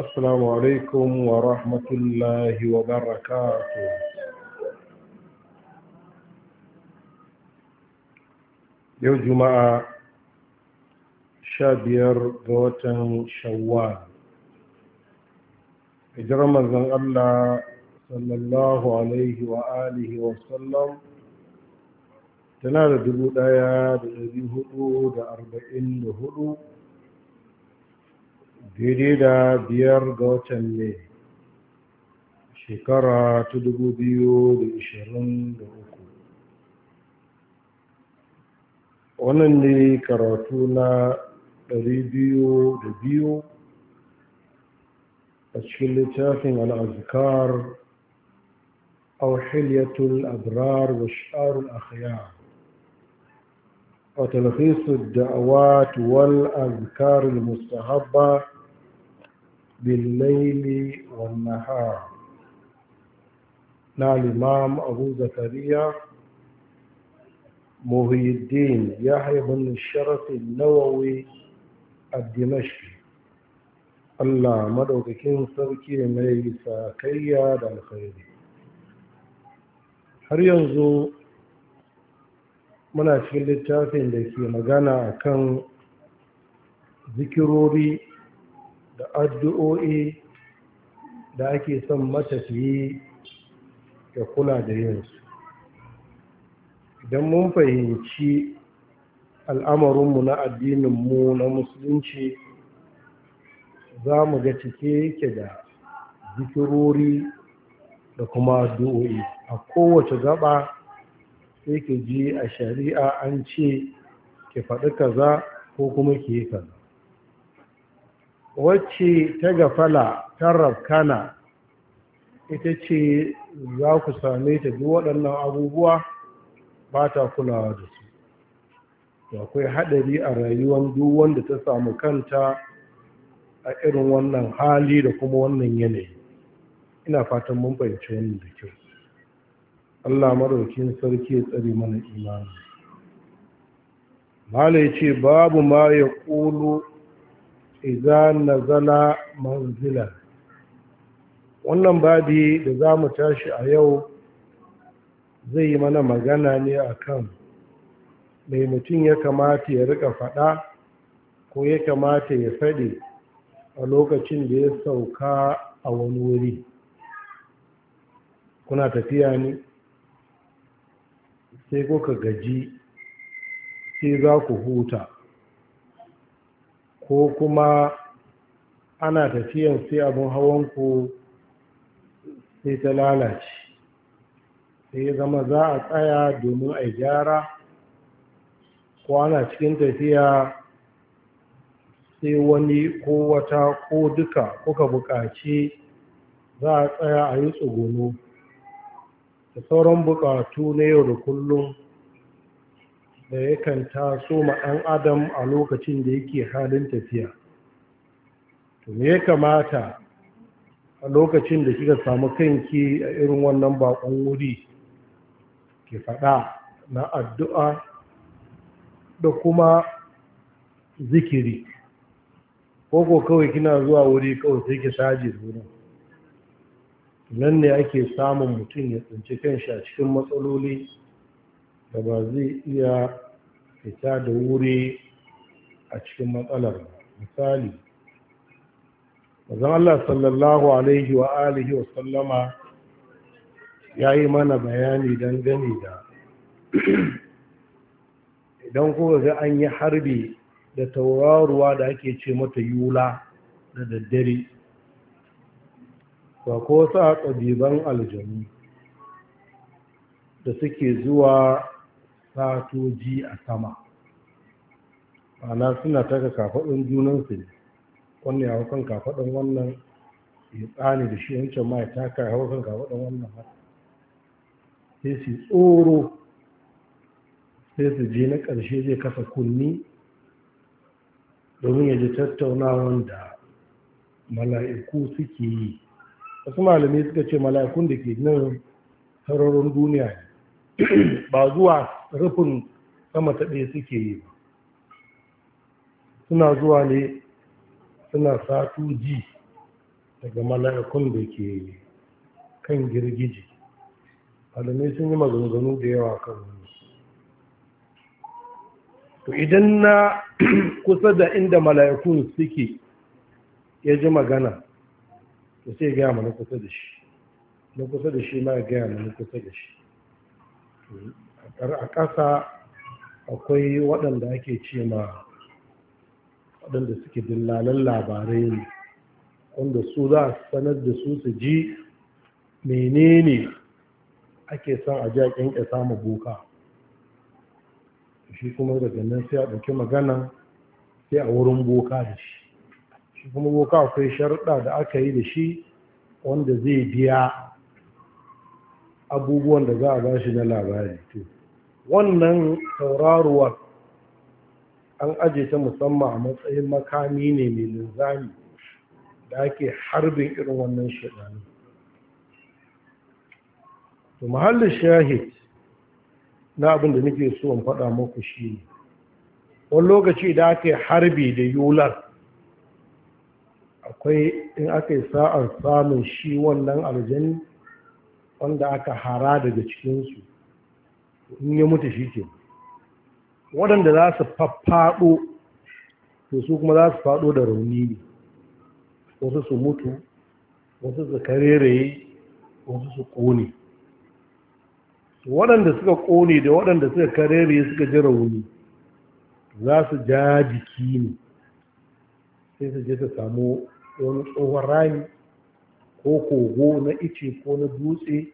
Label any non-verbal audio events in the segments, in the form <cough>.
السلام عليكم ورحمة الله وبركاته يوم جمعة شابير غوتن شوال إجرم الله صلى الله عليه وآله وسلم tana da dubu ɗaya da ɗari hudu da arba'in da hudu daidai da biyar ga watan ne shekara ta dubu biyu da ishirin da uku wannan ne karatu na ɗari biyu da biyu a cikin littafin al'azikar أو حلية الأبرار da الأخيار وتلخيص الدعوات والأذكار المستحبة بالليل والنهار نال الإمام أبو زكريا ya الدين يحيى بن الشرف النووي الدمشقي Allah maɗaukakin sarki mai sakayya da alkhairi har yanzu muna cikin littafin da ke magana kan zikirori da addu'o'i da ake son matafiyi ya kula da yinsu idan mun fahimci al'amarinmu na addininmu na musulunci za mu ga cike yake da zikirori da kuma addu'o'i a kowace gaba sai ke ji a shari'a an ce ke faɗi kaza ko kuma ke yi kaza wacce ta gafala ta rafkana ita ce za ku same ta duk waɗannan abubuwa ba ta kulawa da su akwai haɗari a rayuwar duk wanda ta samu kanta a irin wannan hali da kuma wannan yanayi ina fatan mun fahimci wannan da kyau Allah maraukin sarki ya tsare mana imani malai ce babu ma ya kulu. iza nazala manzila wannan babi da za mu tashi a yau zai yi mana magana ne a kan mai mutum ya kamata ya riƙa faɗa ko ya kamata ya faɗi a lokacin da ya sauka a wani wuri kuna tafiya ne sai ko ka gaji sai za ku huta ko kuma ana tafiyan sai abin hawanku sai ta lalace sai zama za a tsaya domin a gyara ko ana cikin tafiya sai wani ko wata ko duka kuka buƙaci za a tsaya a yi tsuguno da sauran buƙatu na yau da kullum da yakan taso ma ɗan adam a lokacin da yake halin tafiya to me ya kamata a lokacin da kika samu kanki a irin wannan bakon wuri ke faɗa na addu'a da kuma zikiri koko kawai kina zuwa wuri kawai sai ki saje wurin nan ne ake samun mutum ya tsinci kanshi a cikin matsaloli da ba zai iya fita da wuri a cikin matsalar misali mazan Allah sallallahu alaihi wa alihi wa sallama ya yi mana bayani dangane da <clears throat> idan kuka ga an yi harbi da tauraruwa da ake ce mata yula da daddare ba ko sa ƙabiban aljanu da suke zuwa satoji a sama ana suna taka kafaɗin junansu ne wannan ya kan kafaɗin wannan ya tsani da shi wancan ma ya taka ya kan kafaɗin wannan haka sai su tsoro sai su je na ƙarshe zai kasa kunni domin ya ji tattaunawan da mala'iku suke yi wasu malamai suka ce mala'ikun da ke nan sararin duniya ne ba zuwa rufin sama ta ɗaya suke yi suna zuwa ne suna satu ji daga mala'ikun da ke kan girgiji malamai sun yi maganganu da yawa kan wani to idan na <clears throat> kusa da inda mala'ikun suke ya ji magana to sai gaya mana kusa da shi na kusa da shi ma gaya mana kusa da shi kar a ƙasa akwai waɗanda ake ce ma waɗanda suke dillalan labarai ne wanda su za a sanar da su su ji menene ake son a ja ƙyanƙya samu boka shi kuma daga nan sai a ɗauki magana sai a wurin boka da shi shi kuma boka akwai sharuɗa da aka yi da shi wanda zai biya abubuwan da za a ba shi na labari wannan tauraruwar an aje ta musamman a matsayin makami ne mai linzami da ake harbin irin wannan shaɗani to mahallin shahid na abin da nake so in faɗa maku shi ne wani lokaci da ake harbi da yular akwai in aka yi sa'ar samun shi wannan aljani wanda aka hara daga cikinsu in ya mutu shi ke waɗanda za su faɗo to su kuma za su faɗo da rauni ne wasu su mutu wasu su kareraye wasu su ƙone waɗanda suka ƙone da waɗanda suka kareraye suka ji rauni za su ja jiki ne sai su je su samu wani tsohon rami ko kogo na ice ko na dutse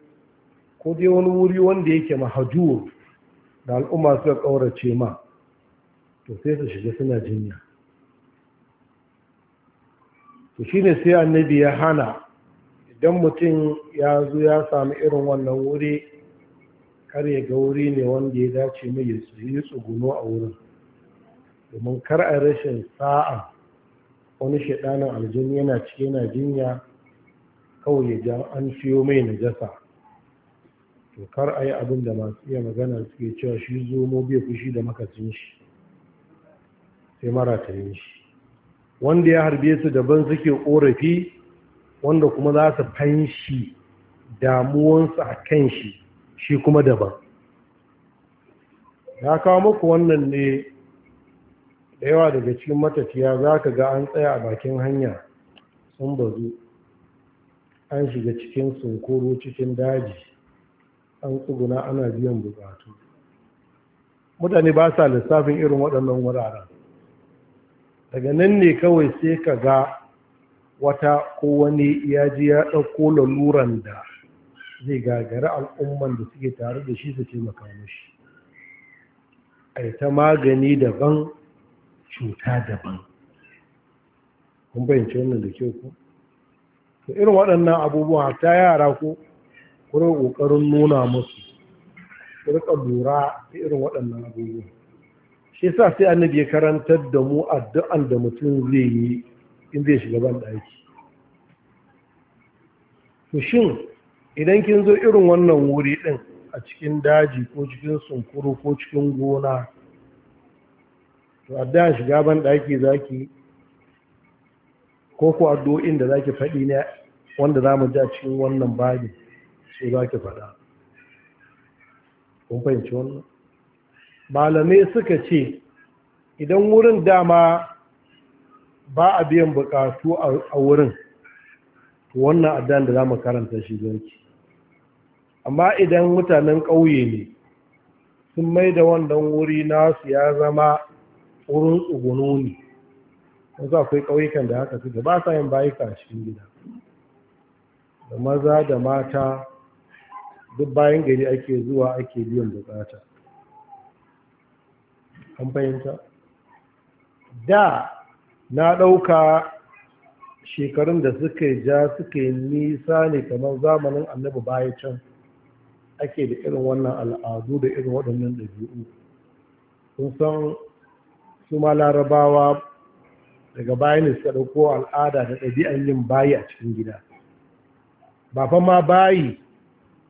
ko dai wani wuri wanda yake mahajur da al'umma suka ƙaurace ma to sai su shiga suna jinya to shine sai annabi ya hana idan mutum ya zo ya sami irin wannan wuri kar ya ga wuri ne wanda ya dace mai ya yi tsuguno a wurin domin kar a rashin sa'a wani shaɗanin aljini yana cike na jinya kawai ya ja an siyo mai najasa to kar a yi abin da masu iya magana suke cewa shi zomo bai fushi da makasin shi sai yi shi wanda ya harbe su daban suke korafi wanda kuma za su fanshi damuwansu a kan shi shi kuma daban ya kawo muku wannan ne da yawa daga cikin matafiya za ka ga an tsaya a bakin hanya sun bazu an shiga cikin sunkuru cikin daji an tsuguna ana biyan bukatu mutane ba sa lissafin irin waɗannan wuraren daga nan ne kawai sai ka ga wata ko wani ya ji ya ɗauko laluran da zai gagari al'umman da suke tare da shi su taimaka mashi a ta magani daban cuta daban kun bayyance wannan da kyau ko irin waɗannan abubuwa ta yara ko kuma ƙoƙarin nuna musu su rika lura ta irin waɗannan agogo, shi sa sai annabi ya karantar da mu addu'an da mutum zai yi in zai shiga ban ɗaki to shin idan kin zo irin wannan wuri din a cikin daji ko cikin sunkuru ko cikin gona to addu'an shiga ban ɗaki za ki ko ku addu'o'in da zaki ki faɗi ne wanda za mu ji a cikin wannan babin sai ba ki faɗa kun fahimci wannan malamai suka ce idan wurin dama ba a biyan bukatu a wurin wannan addan da za mu karanta shi zarki amma idan mutanen ƙauye ne sun mai da wannan wuri nasu ya zama wurin tsugunu ne yanzu akwai ƙauyukan da haka suke ba sa yin bayika a cikin gida da maza da mata duk bayan gari ake zuwa ake biyan bukata an fahimta da na ɗauka shekarun da suka ja suka yi nisa ne kamar zamanin annabi baya can ake da irin wannan al'adu da irin waɗannan ɗabi'u sun san su ma larabawa daga bayan da suka ɗauko al'ada da ɗabi'an yin bayi a cikin gida ba ma bayi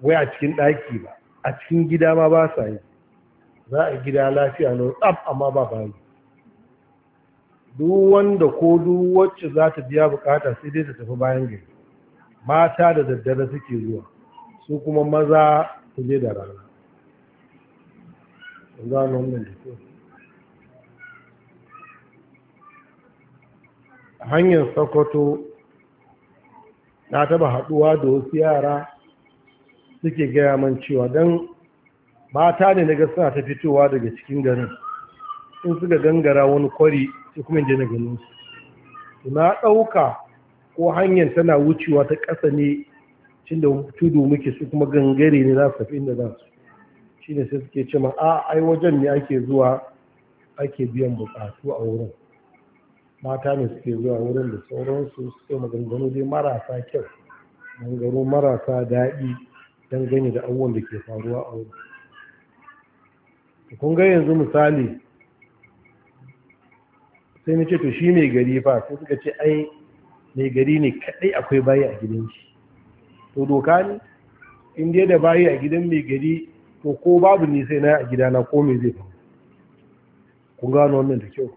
wai a cikin ɗaki ba a cikin gida ma ba sa yi za a gida lafiya na tsab amma ba bayi duk wanda ko duk wacce za ta biya bukata sai dai ta tafi bayan gari mata da daddare suke zuwa su kuma maza su je da rana A hanyar sokoto na taba haduwa da wasu yara suke gaya man cewa don mata ne na suna ta fitowa daga cikin garin sun suka gangara wani kwari su kuma je na ganin su na ɗauka ko hanyar tana wucewa ta ƙasa ne cin da tudu muke su kuma gangare ne za su tafi inda za su shi ne sai suke cewa a ai wajen ne ake zuwa ake biyan buƙatu a wurin mata ne suke zuwa wurin da sauransu su suke maganganu dai marasa kyau maganganu marasa daɗi dangane da abubuwan da ke faruwa a wurin kun ga yanzu misali sai na ce to shi mai gari fa sai suka ce ai mai gari ne kadai akwai bayi a gidan shi to doka ne in dai da bayi a gidan mai gari to ko babu ni sai na a gidana ko me zai faru kun gano wannan da kyau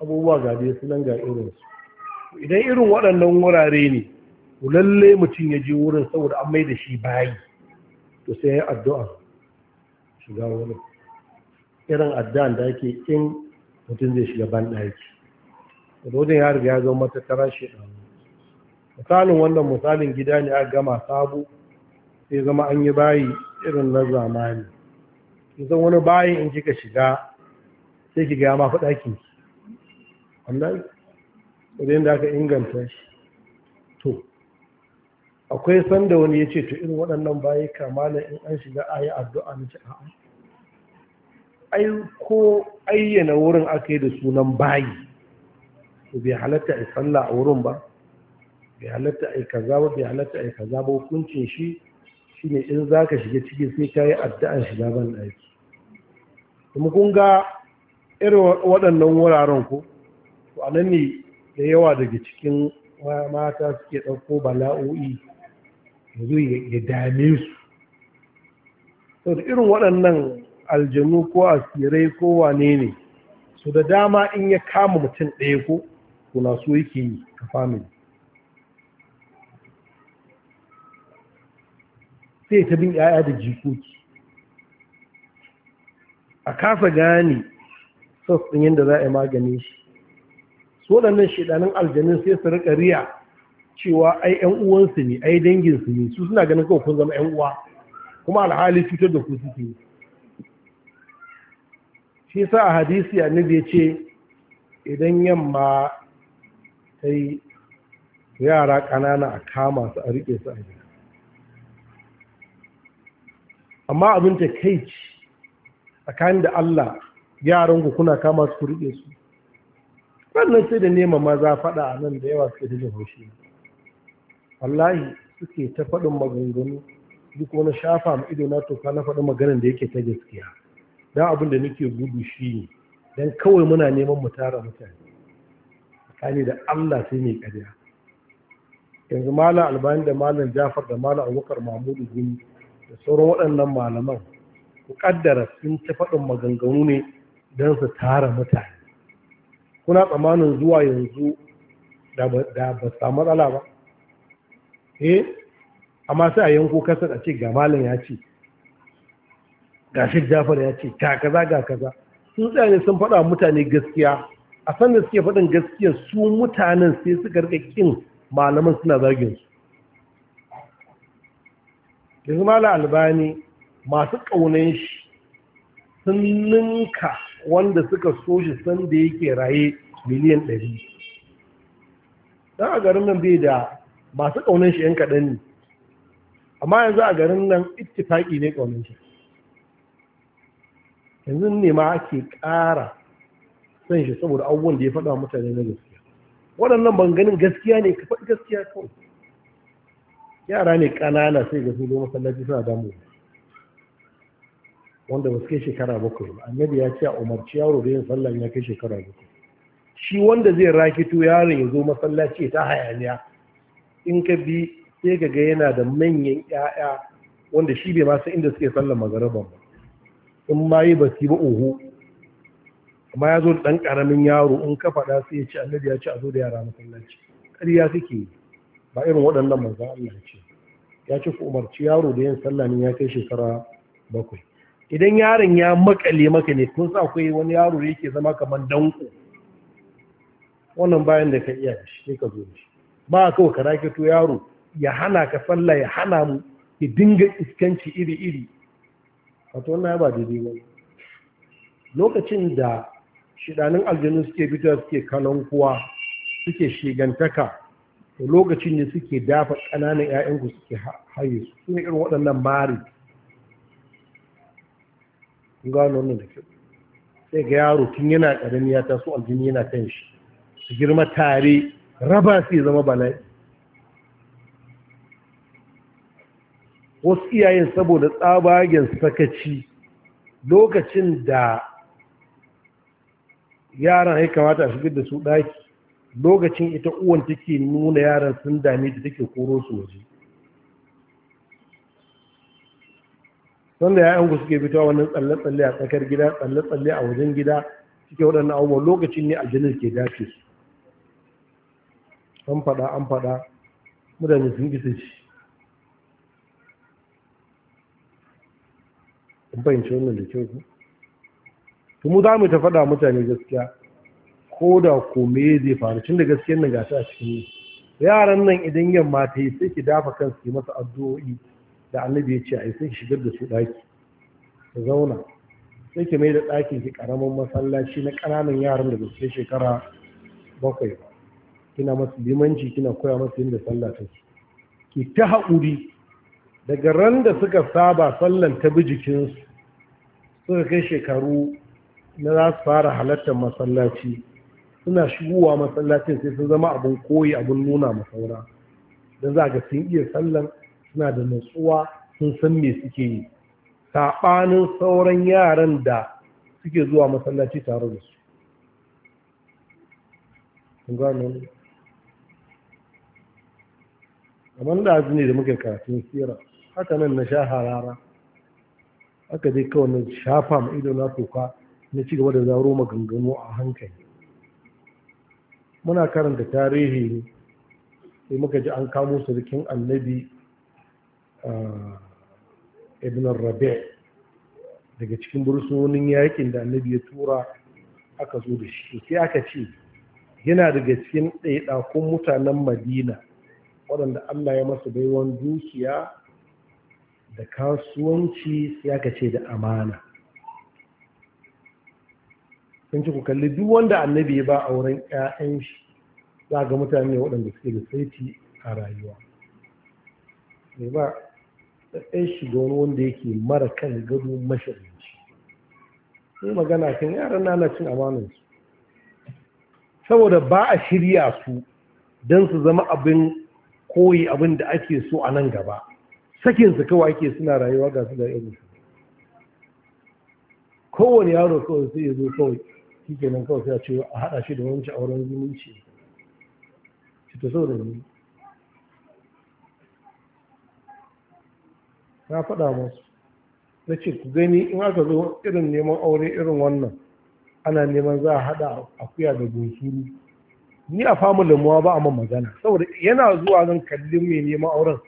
abubuwa ga dai nan ga irinsu idan irin waɗannan wurare ne Ku lalle mutum ya je wurin saboda an mai da shi bayi to sai ya addu'a shiga wurin irin addu'an da ake in mutum zai shiga ban ɗaki da wajen ya riga ya zama matattara shi ɗan misalin wannan misalin gida ne a gama sabo sai zama an yi bayi irin na zamani kusan wani bayi in kika shiga sai ki gaya ma fi ɗakin ki wannan wajen da aka inganta shi to akwai sanda wani ya ce to irin waɗannan bayi kamala in an shiga ayi addu'a na ce a'a ai ko ayyana wurin aka yi da sunan bayi to bai halatta a sallah a wurin ba bai halatta a yi kaza ba bai halatta a yi kaza ba hukuncin shi shine in za ka shiga ciki sai ka yi addu'an shiga ban ɗaki kuma kun ga irin waɗannan wuraren ko to anan ne da yawa daga cikin mata suke ɗauko bala'o'i ya ya dame su sau irin waɗannan aljanu ko asirai ko wane ne su da dama in ya kama mutum ɗaya ko kuna so yake yi ka famili sai ta bin ‘ya'ya da jikoki a kasa gane sassan yadda za a yi magani shi su waɗannan shiɗanin aljanin sai su riƙa riya cewa ai yan uwansu ne ai danginsu ne su suna ganin kawai kun zama yan uwa kuma alhali cutar da ku suke shi sa a hadisi annabi ya ce idan yamma ta yi yara ƙanana a kama su a riƙe su a gida amma abin ta kai tsakanin da Allah yaran ku kuna kama su ku riƙe su wannan sai da nema maza faɗa a nan da yawa suke da haushi wallahi suke ta faɗin maganganu duk wani shafa ma ido na toka na faɗin maganar da yake ta gaskiya don abin da nake gudu shi ne don kawai muna neman mu tara mutane tsakani da allah sai mai ƙarya yanzu malam albani da malam jafar da malam abubakar mahmudu Gumi da sauran waɗannan malaman ku ƙaddara sun ta faɗin maganganu ne don su tara mutane kuna tsamanin zuwa yanzu da ba samu matsala ba eh amma sai a yanko kasar a ce ga malam ya ce ga shi jafar ya ce ga kaza ga kaza sun tsaya ne sun faɗa mutane gaskiya a da suke faɗin gaskiya su mutanen sai suka rika kin malaman suna zagin su yanzu malam albani masu ƙaunan shi sun ninka wanda suka so shi sanda yake raye miliyan ɗari don a garin nan bai da masu ƙaunar shi yan kaɗan ne amma yanzu a garin nan ittifaƙi ne ƙaunar shi yanzu ne ma ake ƙara son shi saboda abubuwan da ya faɗa mutane na gaskiya waɗannan ban ganin gaskiya ne ka faɗi gaskiya kawai yara ne ƙanana sai ga su zo masallaci suna damu wanda ba su kai shekara bakwai ba annabi ya ce a umarci yaro da yin sallah ya kai shekara bakwai shi wanda zai rakito yaron ya zo masallaci ta hayaniya in ka bi sai ga yana da manyan 'ya'ya wanda shi bai masu inda suke sallar magariban ba in ma yi ba ba oho amma ya zo da ɗan ƙaramin yaro in ka faɗa sai ya ci annabi ya ci a zo da yara masallaci ƙarya suke ba irin waɗannan manzan Allah ce ya ce ku umarci yaro da yin sallah ne ya kai shekara bakwai idan yaron ya makale maka ne kun sa akwai wani yaro da yake zama kamar danko wannan bayan da ka iya shi ka zo da shi ba kawai ka to yaro ya hana ka sallah ya hana mu ya dinga iskanci iri-iri wato wannan ba daidai ba lokacin da shidanin aljanu suke fitowa suke kanon kuwa suke shigantaka da lokacin ne suke dafa ƙananan 'ya'yanku suke haye su suna irin waɗannan mari gano wannan da kyau sai ga yaro tun yana ƙarami ya taso aljini yana kan shi su girma tare raba su zama bala'i wasu iyayen saboda tsabagen sakaci lokacin da yaran ya kamata a shigar da su ɗaki lokacin ita uwan take nuna yaran sun dame da take koro su waje sanda ya'yanku suke fitowa wannan tsalle-tsalle a tsakar gida tsalle-tsalle a wajen gida suke waɗannan abubuwan lokacin ne aljanar ke dace su an faɗa an faɗa mutane sun gisa shi fahimci wannan da kyau ku to mu za mu ta faɗa mutane gaskiya ko da ko zai faru tun da gaskiyar nan gashi a cikin yaran nan idan yamma ta yi sai ki dafa kansu yi masa addu'o'i da annabi ya ce a yi sai ki shigar da su ɗaki ka zauna sai ki mai da ɗakin ki ƙaramin masallaci na ƙananan yaran da gaske shekara bakwai ba kina masu limanci kina koya masu yin da sallah ke. ki ta haƙuri daga ran da suka saba sallan ta bi jikinsu suka kai shekaru na za su fara halartar masallaci suna shigowa masallacin sai sun zama abin koyi abin nuna masaura don za ga sun iya sallan suna da natsuwa sun san me suke yi saɓanin sauran yaran da suke zuwa masallaci tare da su kamar da ne da muke karatun sira haka nan na sha harara haka dai kawai na shafa ma ido na toka na ci gaba da zaro maganganu a hankali muna karanta tarihi ne sai muka ji an kamo sarkin annabi ah, ibn rabi daga cikin bursunonin yakin da annabi ya tura aka zo da shi sai aka ce yana daga cikin ɗaiɗakun mutanen madina waɗanda Allah ya masu baiwan dukiya da kasuwanci ya kace da amana sun ci ku kalli duk wanda annabi ya ba a wurin 'ya'yan shi za ga mutane waɗanda suke da saiti a rayuwa mai ba ɗan shi ga wani wanda yake mara kan gado shi. Sun magana kan yaran nana cin su saboda ba a shirya su don su zama abin koyi abin da ake so a nan gaba sakinsu kawai ake suna rayuwa ga su da irin su kowane yaro kawai sai ya zo kawai shi kenan kawai sai a ce a haɗa shi da wancan auren zumunci shi ta so da ni na faɗa musu na ce ku gani in aka zo irin neman aure irin wannan ana neman za a haɗa akuya da bunsuru ni a famu lamuwa ba a man magana saboda yana zuwa nan kalli mai neman auren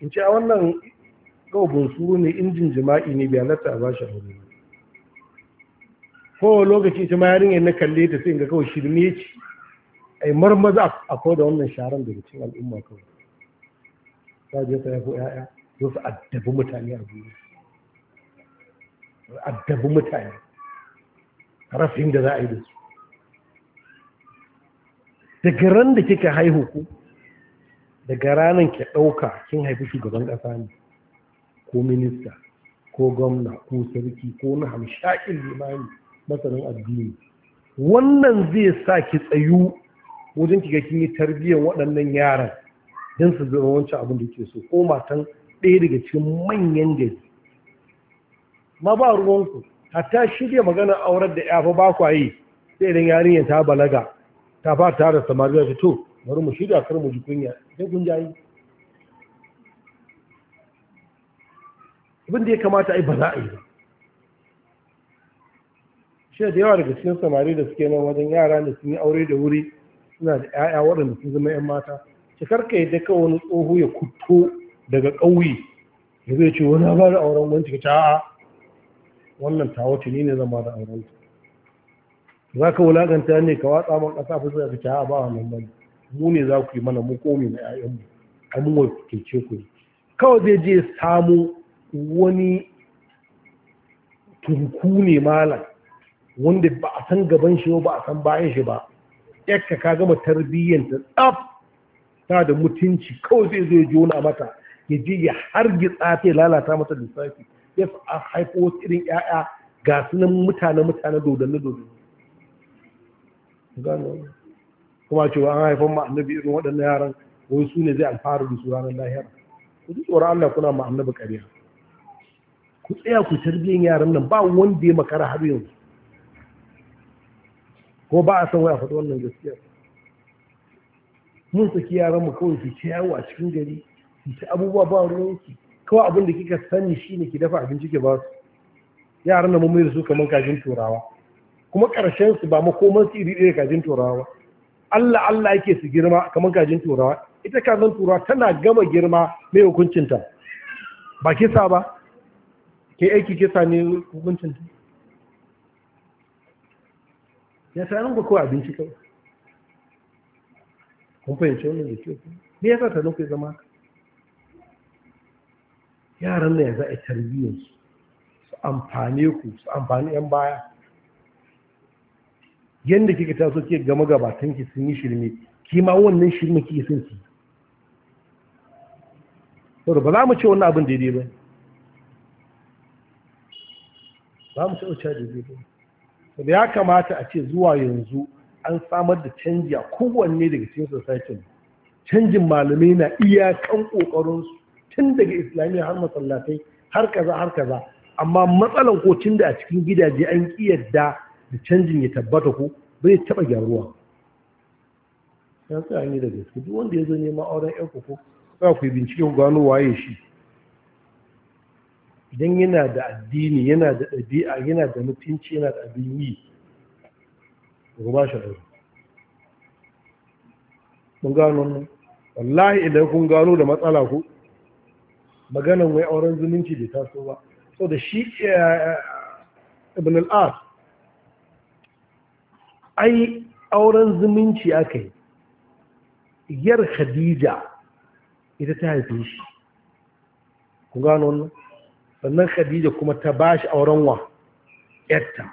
in ce a wannan gaubin su ne injin jima'i ne biya latta a bashi aure ko lokaci ta mayarin yana kalle ta sai ga kawai shirme ci a yi marmaza a kawo da wannan sharan daga cikin al'umma kawai ta je ta yafo ya'ya zo su addabi mutane a duniya addabi mutane rafin da za a yi da su daga ran da kika haihu ku daga ranar ki ɗauka kin haifi shugaban ƙasa ne ko minista ko gwamna ko sarki ko na hamshakin limani masanin addini wannan zai sa ki tsayu wajen kiga kin yi tarbiyyar waɗannan yaran don su zama wancan abin da ke so ko matan ɗaya daga cikin manyan gari ma ba ruwanku hatta shirya magana aurar da ya ba kwa sai idan yarinyar ta balaga ta fara da samari ya to bari mu shirya kar mu ji kunya idan kun jayi abin da ya kamata ai ba za a yi ba shi da yawa daga cikin samari da suke nan wajen yara da sun yi aure da wuri suna da ƴaƴa waɗanda sun zama ƴan mata shi karka yadda ka wani tsoho ya kutto daga ƙauye ya zai ce wani ba da auren wanci ka ta'a wannan tawa tuni ne zama da auren ta za ka wulaganta ne ka watsa man ƙasa fi zai fice a bawa nan bane mu ne za ku yi mana mu komi na ƴaƴanmu a mun ku yi. kawai zai je samu wani turku ne malam wanda ba a san gaban shi ba a san bayan shi ba yakka ka gama ta tsaf ta da mutunci kawai zai zo ya jona mata ya je ya hargitsa ta lalata mata lissafi ya haifo irin 'ya'ya ga sunan mutane mutane dodanni dodanni gano kuma cewa an haifan ma annabi irin waɗannan yaran wai su ne zai alfahari da su ranar lahira ku ji tsoron Allah kuna ma annabi ku tsaya ku tarbiyyar yaran nan ba wanda ya makara har yanzu ko ba a san waya faɗi wannan gaskiya mun saki yaran mu kawai su ci yawo a cikin gari su ci abubuwa ba ruwanki kawai abin da kika sani shine ki dafa abinci ke ba su yaran nan mun mai da su kamar kajin turawa kuma ƙarshen su ba makoman su iri ɗaya kajin turawa Allah Allah yake su girma kamar kajin turawa ita kajin turawa tana gama girma mai hukuncinta ba kisa ba ke aiki kisa ne hukuncinta ya sa nan ku kawai abinci kawai kun fahimci wannan da kyau ya sa ta nufi zama yaran na ya za a tarbiyyar su amfane ku su amfani yan baya yanda kika taso ke ga gabatan ki sun yi shirme ki ma wannan shirme ki sun ki to ba za mu ce wannan abin daidai ba ba mu taɓa cewa daidai ba da ya kamata a ce zuwa yanzu an samar da canji a kowanne daga cikin society canjin malamai na iyakan su tun daga islamiyya har masallatai har kaza har kaza amma matsalan ko tun da a cikin gidaje an ƙi yadda da canjin ya tabbata ko bai taɓa gyaruwa ya tsaya ne da gaske duk wanda ya zo neman auren yanku ko za ku yi bincike ku gano waye shi idan yana da addini yana da ɗabi'a yana da mutunci yana da abin yi ku ba shi aure mun gano mu wallahi idan kun gano da matsala ku maganan wai auren zumunci bai taso ba so da shi eh, ibn al-as ai auren zumunci aka yi yar khadija ita ta haife shi ku gano wannan sannan khadija kuma ta ba shi auren wa yatta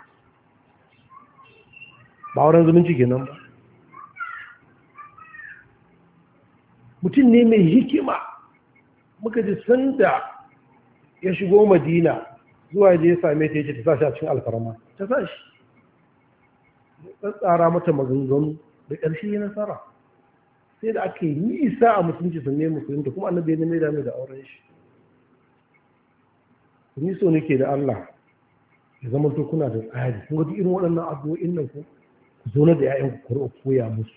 ba auren zumunci kenan ba mutum ne mai hikima muka ji sanda ya shigo madina zuwa je ya same ta yake ta sa shi a cikin alfarma ta sa shi da tsara mata maganganu da ƙarshe ya nasara sai da aka yi nisa a mutunci sun nemi musulunta kuma annabi ne mai dame da auren shi ni so ke da Allah ya zama to kuna da tsari kun ga irin waɗannan addu'o'in nan ku ku zo na da ƴaƴan ku ku koya musu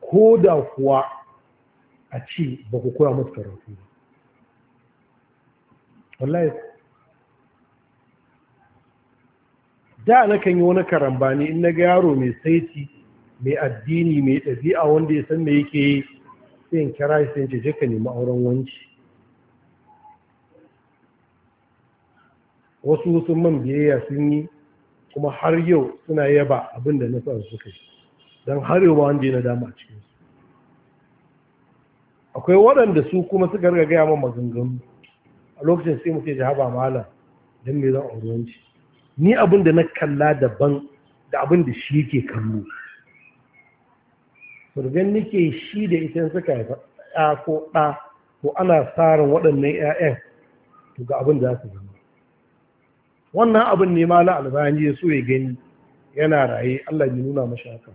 ko da kuwa a ci ba ku koya musu karatu ba wallahi da na kan yi wani karambani in na ga yaro mai saiti mai addini mai ɗabi'a wanda ya san me yake yi sai in kira sai in ce je ka nemi auren wanci wasu sun man biyayya sun yi kuma har yau suna yaba abin da na sa suka don har yau ba wanda yana dama a cikin su akwai waɗanda su kuma suka riga gaya ma maganganu a lokacin sai mutum ya haba malam don me zan wanci ni abin da na kalla daban da abin da shi yake kallo furgan nake shi da ita suka haifa ɗa ko ɗa ko ana tsarin waɗannan 'ya'yan to ga abin da za su zama wannan abin ne ma albani ya so ya gani yana raye allah ya nuna masa haka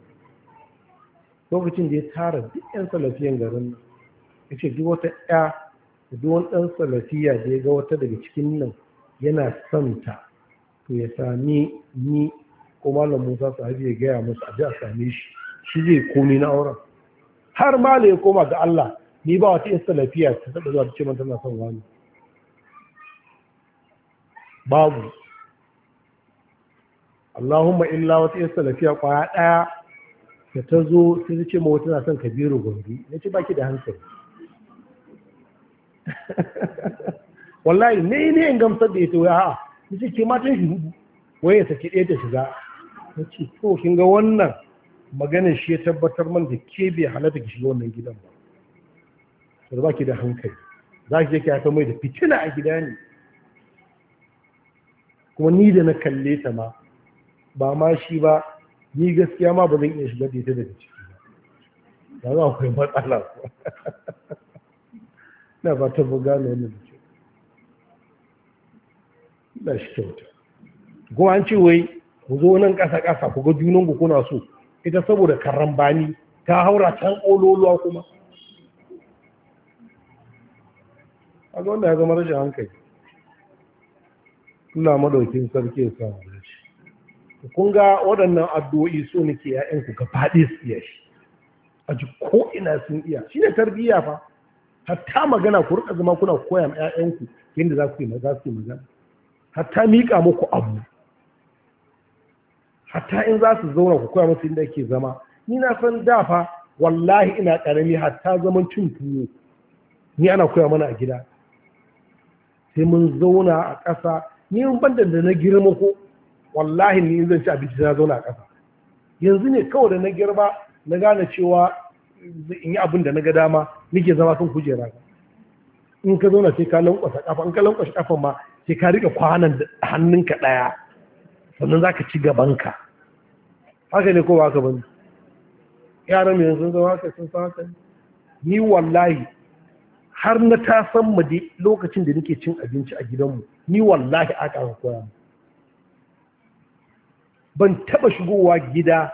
lokacin da ya tara duk 'yan salafiyan garin nan ya ce duk wata ƴa da duk wani ɗan salafiya da ya ga wata daga cikin nan yana son ta to ya sami ni ko malam musa sahabi ya gaya musu a ji a same shi shi zai komi na auren har malam ya koma ga allah ni ba wata yasta lafiya ta taɓa zuwa ta ce man tana son wani babu allahumma illa wata yasta lafiya kwaya ɗaya da ta zo sai ta ce ma wata na son kabiru gombe na ce baki da hankali <laughs> wallahi ne ne in gamsar da ita wai a'a ya ce ke matan shi hudu wai ya saki ɗaya ta shiga ya ce to kin ga wannan maganar shi ya tabbatar man da ke bai halatta ki shiga wannan gidan ba to ba ki da hankali za ki je ki haka mai da fitina a gida ne kuma ni da na kalle ta ma ba ma shi ba ni gaskiya ma ba zan iya shiga da ita daga ciki ba za ku yi matsala ba <laughs> na ba ta gano wannan da shi kyauta kuma an ce wai ku zo nan ƙasa ƙasa ku ga junan ku kuna so ita saboda bani ta haura can ololuwa kuma a ga wanda ya zama rashin hankali Allah madaukin sarki ya samu shi. kun ga waɗannan addu'o'i so nake yayanku ku ga faɗi su iya shi a ji ko ina sun iya Shi shine tarbiyya fa hatta magana ku rika zama kuna koya ma 'ya'yanku yadda za su yi magana hatta miƙa muku abu hatta in za su zauna ku koya musu inda ke zama ni na san dafa wallahi ina ƙarami hatta zaman cin tuwo ni ana koya mana a gida sai mun zauna a ƙasa ni mun ban da na girma ko wallahi ni zan ci abinci na zauna a ƙasa yanzu ne kawai da na girma na gane cewa in yi abin da na ga dama nike zama kan kujera in ka zauna sai ka lankwasa kafa in ka lankwasa kafan ma sai ka rika kwanan hannunka ɗaya sannan za ka ci gabanka haka ne ko ba ka ba yaran mai sun zama haka sun san haka ni wallahi har na ta san mu lokacin da nake cin abinci a gidanmu ni wallahi aka aka koya ban taɓa shigowa gida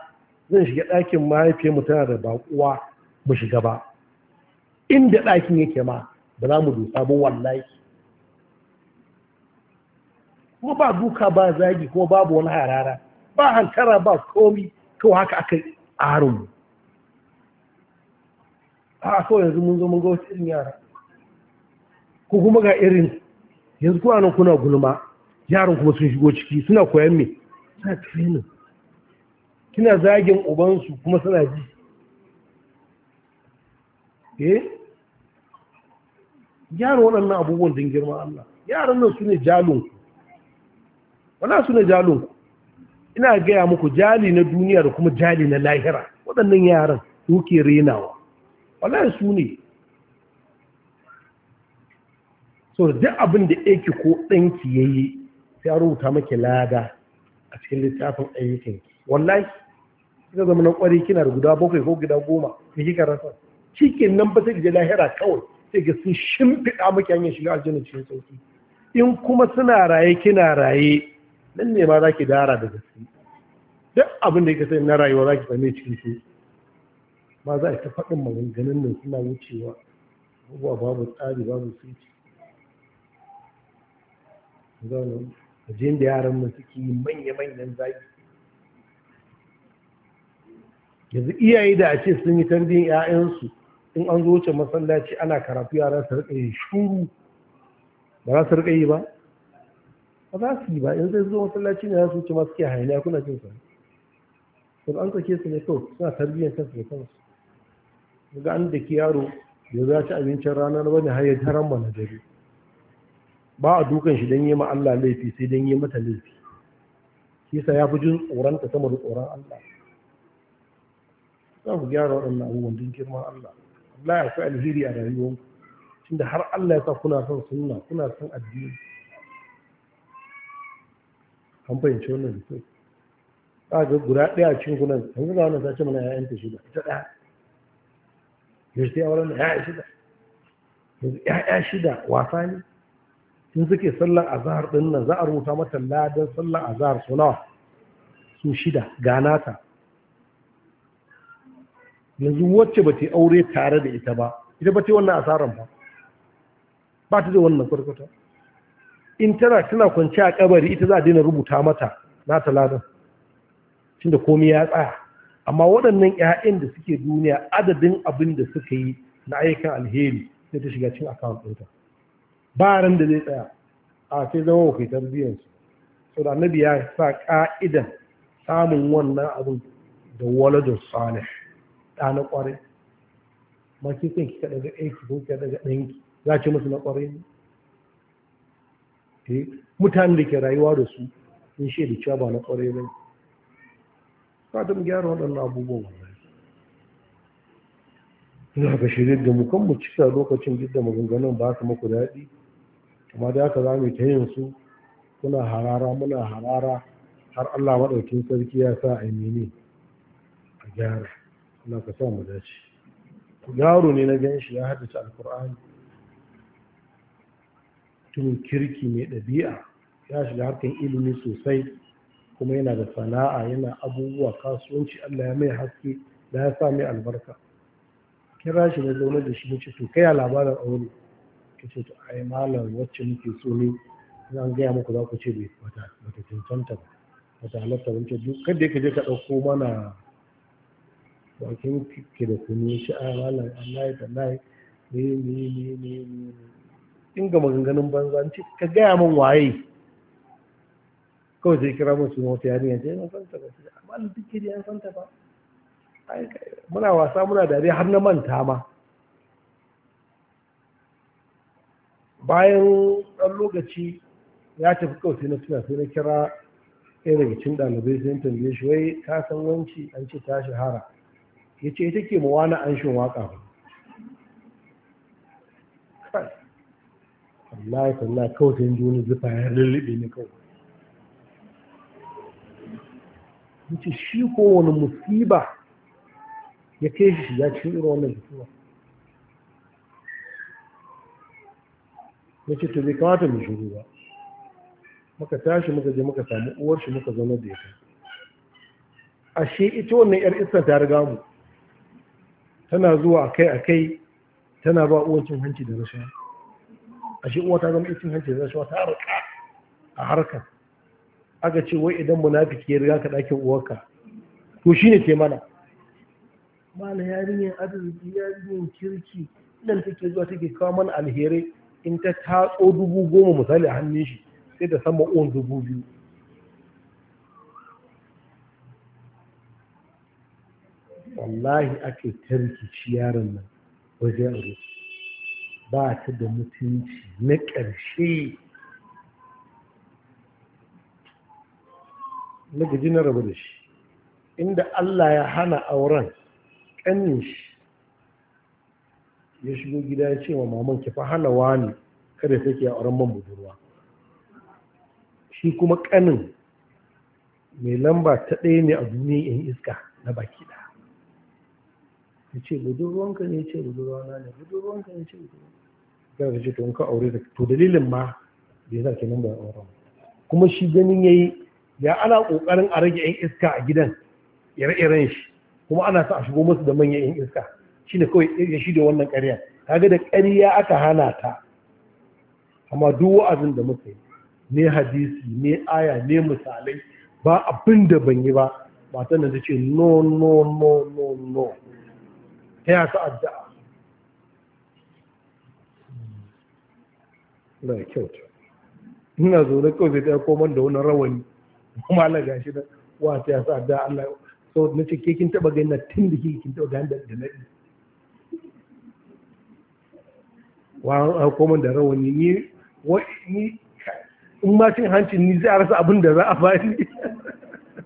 zan shiga ɗakin mahaifiyar mu tana da baƙuwa mu shiga ba inda ɗakin yake ma ba za mu dosa ba wallahi kuma ba duka ba zagi kuma babu wani harara ba hankara ba komi kawai haka aka aro mu a kawai yanzu mun zo mun ga wasu irin yara ko kuma ga irin yanzu kuna nan kuna gulma yaran kuma sun shigo ciki suna koyan me suna training kina zagin ubansu kuma suna ji eh gyara waɗannan abubuwan don girma Allah yaran nan su ne jalinku wala su ne jalinku ina gaya muku jali na duniya da kuma jali na lahira waɗannan yaran suke renawa wala su ne so duk abin da yake ko ɗanki ya yi sai a rubuta maki lada a cikin littafin ayyukanki wallahi kika zama na ƙwari kina da guda bakwai ko guda goma da kika rasa cikin nan ba sai je lahira kawai sai ga sun shimfiɗa maki hanyar shiga aljanna cikin sauki in kuma suna raye kina raye nan ne ma za ki dara da gaske duk abin da ya sai na rayuwa za ki same cikin su ma za ki faɗin maganganun nan suna wucewa abubuwa babu tsari babu suci zanen ajiyar da yaran mu suke manya-manyan zaki yanzu iyaye da a ce sun yi tarbiyyar 'ya'yansu in an zo wuce masallaci ana karatu yara su rika shuru ba za su rika yi ba za su yi ba in zai zo masallaci ne za su wuce masu ke hayaniya kuna jin sa to an sake su ne kawai suna tarbiyyar kansu da kansu Daga an da ke yaro da za ci abincin rana na wani har ya mana dare ba a dukan shi don yi ma Allah laifi sai don yi mata laifi kisa ya fi jin tsoronta sama da tsoron Allah za ku gyara waɗannan abubuwan don girman Allah Allah ya fi alheri a rayuwanku tunda har Allah ya sa kuna son sunna kuna son addini an fahimci wannan da kyau za ga guda ɗaya cikin kunan yanzu ga wannan sace mana ya'yanta shida ita ɗaya yanzu ta yawon ya'ya shida yanzu ya'ya shida wasa ne in suke sallar azhar din nan za a rubuta mata ladan sallar azhar su nawa su shida ganata yanzu wacce ba ta aure tare da ita ba ita ba ta wannan asaran ba ba ta da wannan kwarkwata in tana suna kwanci a kabari ita za a daina rubuta mata na talatin da komai ya tsaya amma waɗannan 'ya'yan da suke duniya adadin abin da suka yi na ayyukan alheri sai ta shiga cin akawun ɗinta ba ran da zai tsaya a sai zama wa kai tarbiyyarsu sau da annabi ya sa ƙa'idan samun wannan abin da waladun salih ɗa na ƙwarai ma ki ko daga ɗanki za musu na ƙwarai ne Eh, Mutane da ke rayuwa da su sun shaida cewa ba na kwarai ba fatan gyara waɗannan abubuwan wallahi za ka shirya da mu kan mu cika lokacin duk da maganganun ba su maku daɗi amma da haka za ta yin su kuna harara muna harara har Allah maɗaukin sarki ya sa a mene a gyara Allah ka sa mu dace yaro ne na gan shi ya haddace alkur'ani mutumin kirki mai ɗabi'a ya shiga harkar ilimi sosai kuma yana da sana'a yana abubuwa kasuwanci Allah ya mai haske da ya sa mai albarka kira shi na zaune da shi ce, to kaiya ya labarin aure ce to ai malam wacce muke so ne zan gaya muku za ku ce bata bata cancanta ba bata halatta ba duk kada ka je ka ɗauko mana bakin ke da kunu shi a malam Allah ya tallahi ne ne ne ne inga maganganun banza ce ka gaya min waye kawai sai kira min suna wata yanzu ce yan eh, santa ba amma da duk yan santa ba muna wasa muna dariya har na manta ma bayan ɗan lokaci ya tafi kawai sai na tuna sai na kira ɗaya daga cikin ɗalibai sai na tambaye shi wai ka san wanci an ce ta shahara ya ce ita ke na an shi waƙa ba wallahi wallahi kawai sai ji wani zufa ya lullube ne kawai yace shi ko wani musiba ya kai shi ya ci irin wannan zufa yace to bai kamata mu shiru ba muka tashi muka je muka samu uwar shi muka zauna da a ashe ita wannan yar iska ta riga mu tana zuwa akai akai tana ba uwancin hanci da rashin ashe uwa ta zama isin hanci da wata harka a harkar aka ce wai idan munafiki ke riga ka dakin uwarka to ne ke mana mana yarinyar arziki yarinyar kirki nan take zuwa take kawo mana alherai in ta tatso dubu goma misali a hannun shi sai ta sama uwan dubu biyu wallahi ake tarki yaron nan wajen aure ba ta da mutunci na ƙarshe na gaji na rabu da shi inda Allah ya hana auren ƙanin shi ya shigo gida ya ce wa maman ki fa hana wani kada take a auren man budurwa shi kuma ƙanin mai lamba ta ɗaya ne a duniya yan iska na baki ɗaya ya ce budurwanka ne ya ce budurwana ne budurwanka ne ya ce budurwanka ya ce to in ka aure da to dalilin ma da ya sa kenan ba ne. kuma shi ganin yayi ya ana kokarin a rage yan iska a gidan ire-iren shi kuma ana sa a shigo musu da manyan yan iska Shi shine kawai ya shi da wannan Ta ga da ƙarya aka hana ta amma duk wa'azin da muka yi ne hadisi ne aya ne misalai ba abin da ban yi ba matan da ta ce no no no no no taya su addu'a na kyauta ina zo na kawai ta koman da wani rawani kuma Allah ga shi da wa ta yasa addu’a Allah so na ce ke kin gani na tun da ke kin taɓa ganin da nadi wa an koman da rawani ni ni in ma cin hancin ni zai rasa abin da za a bani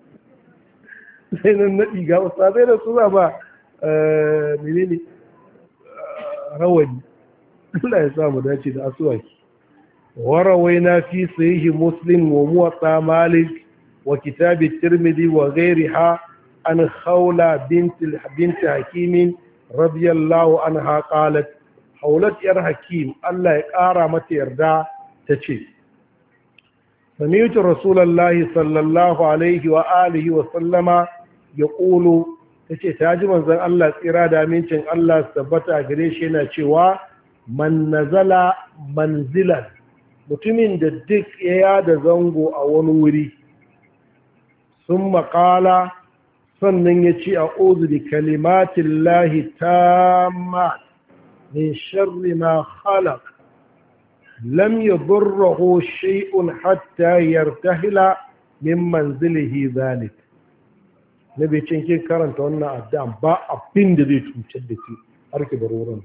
<laughs> sai nan naɗi ga wasu sai da su za ba Eh, menene rawani Allah ya sa mu dace da fi sahihi muslim wa muwatta malik wa kitab at-tirmidhi wa ghayriha an khawla bint bint hakim radiyallahu anha qalat hawlat yar hakim Allah ya kara mata yarda ta ce sami'tu rasulullahi sallallahu alaihi wa alihi wa sallama ta ce ta ji manzan Allah tsira da amincin Allah tabbata gare shi yana cewa man nazala manzilan mutumin da duk ya yada zango a wani wuri sun makala sannan ya ce a ozu da kalimatin lahi ta ma min sharri ma halak lam ya burraho shay'un hatta yartahila min manzilihi zalik na bai cin karanta wannan addu'an ba abin da zai cutar da ke har ki bar wurin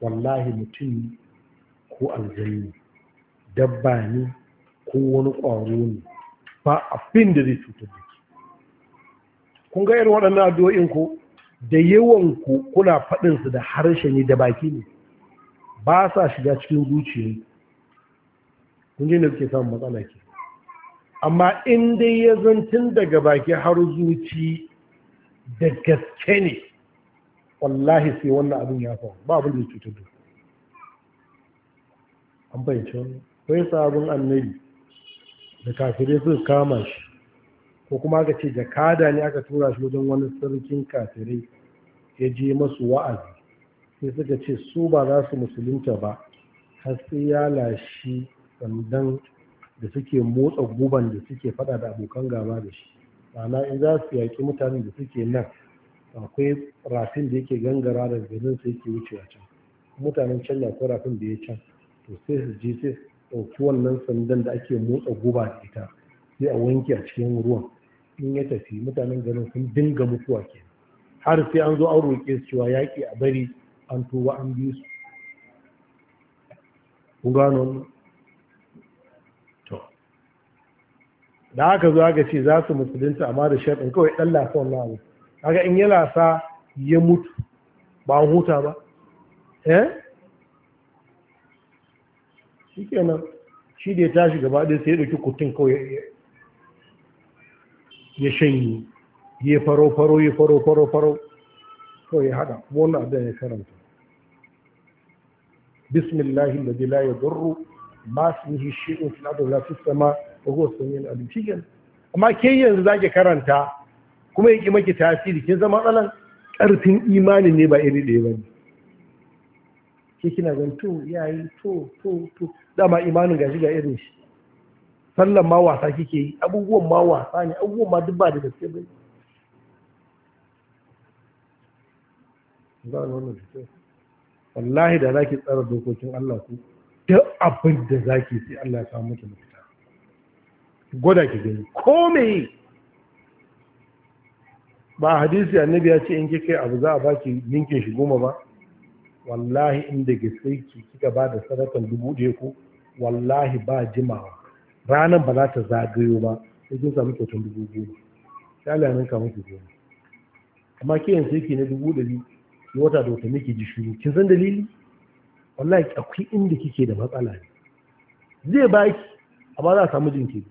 wallahi mutum ko aljanni dabba ne ko wani ƙwaro ne ba abin da zai cutar da ke kun ga irin waɗannan addu'o'in ko da yawan ku kuna da harshe ne da baki ne ba sa shiga cikin zuciya kun je da kuke samun matsala ke amma in dai ya tin daga baki har zuci da gaske ne wallahi sai wannan abin ya faru ba abin da ya cutar da an bayyance wani kai sabon annabi da kafirai suka kama shi ko kuma aka ce jakada ne aka tura shi wajen wani sarkin kafirai ya je masu wa'azi sai suka ce su ba za su musulunta ba har sai ya lashi sandan da suke motsa guban da suke fada da abokan gaba da shi ma'ana in za su yaƙi mutanen da suke nan akwai rafin da yake gangara da garin su yake wuce a can mutanen can da akwai rafin da ya can to sai su je sai ɗauki wannan sandan da ake motsa guba da ita sai a wanke a cikin ruwan in ya tafi mutanen garin sun dinga mutuwa ke har sai an zo an roƙe su cewa yaƙi a bari an tuba an bi su gano da aka zo aka ce za su musulunta amma da shaɗin kawai ɗan lasa wannan abu kaga in yi lasa ya mutu ba an huta ba eh shi nan shi da ya tashi gaba ɗaya sai ya ɗauki kutun kawai ya shanyi ya faro faro ya faro faro faro kawai ya haɗa wani abin ya karanta bismillahi lalzi ya zurru ma su yi shi'in sinadar lafi sama wa huwa samiul alim shikenan amma ke yanzu zaki karanta kuma ya ki maki tasiri kin zama matsalan ƙarfin imani ne ba iri ɗaya ne. ke kina gan to yayi to to to dama imanin gashi ga irin shi sallan ma wasa kike yi abubuwan ma wasa ne abubuwan ma duk ba da gaske ba za wannan wallahi da zaki tsara dokokin Allah ku duk abin da zaki sai Allah ya samu mutum gwada ki gani ko meye ba hadisi annabi ya ce in kike abu za a baki ninkin shi goma ba wallahi inda gaske ki kika ba da sadakan dubu ɗaya ko wallahi ba jimawa ranar ba za ta zagayo ba sai kin samu kyautar dubu goma Ya Allah kamar ki miki goma amma ke yanzu yake na dubu ɗari ki wata da wata miki ji shiru kin san dalili wallahi akwai inda kike da matsala ne zai baki amma za a samu jinkiri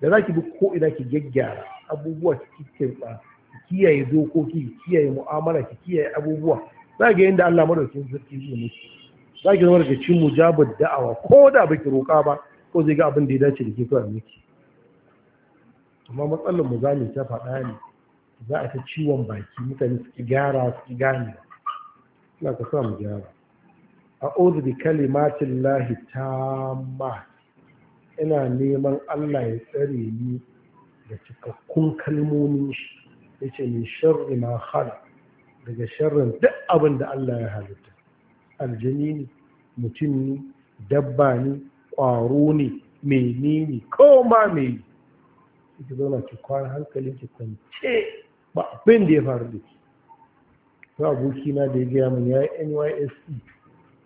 da za ki bi ko ina ki gyaggyara abubuwa ki kirba ki kiyaye dokoki ki kiyaye mu'amala ki kiyaye abubuwa za ga yadda Allah madaukakin sarki zai miki za ki zama daga cin mujabar da'awa ko da baki roƙa ba ko zai ga abin da ya dace da ke kawai miki amma matsalar mu za mu ta faɗa ne za a ta ciwon baki mutane su ki gyara su gane ina ka sa mu gyara a'udhu bi kalimatillahi tammat ina neman Allah ya tsare ni da cikakkun kalmomin shi ya ce min sharri ma hala daga sharrin duk abin da Allah ya halitta aljini ne mutum ne dabba ne ƙwaro ne menene ko ma me ki zauna ki kwana hankali ki kwance ba abin da ya faru da ke abokina da ya gaya min ya yi nysc e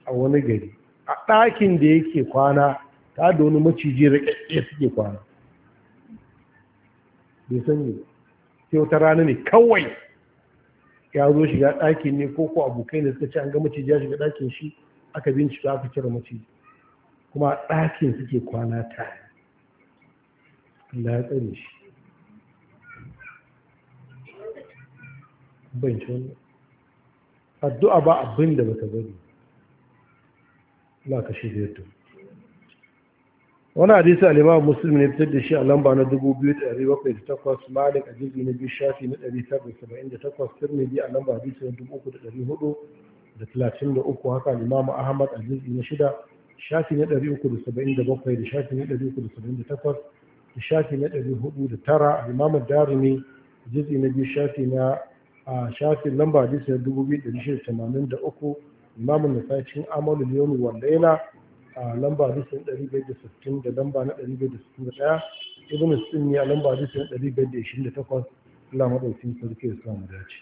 a wani gari a ɗakin da yake kwana ta da wani maciji rikakke suke kwana bai sani sai wata rana ne kawai ya zo shiga ɗakin ne ko ko abokai ne suka ce an ga maciji ya shiga ɗakin shi aka bincika aka cire maciji kuma ɗakin suke kwana tare Allah ya tsare shi ban ci wani. addu'a ba abin da bata bari Allah ka shirya da wani hadisi alima muslim ne fitar da shi a lamba na 2708 malik a jirgi na biyu shafi na 1978 tirmidhi a lamba hadisi na 3433 haka limamu ahmad a jirgi na shida shafi na 377 da shafi na 378 da shafi na 409 limamu darimi jirgi na biyu shafi na a shafin lamba hadisi na 2683 limamun nasacin amalul yomi wanda yana. a lamba hadisin 560 da lamba na 561 ibn sunni a lamba hadisin 528 Allah madaukakin sarki ya samu dace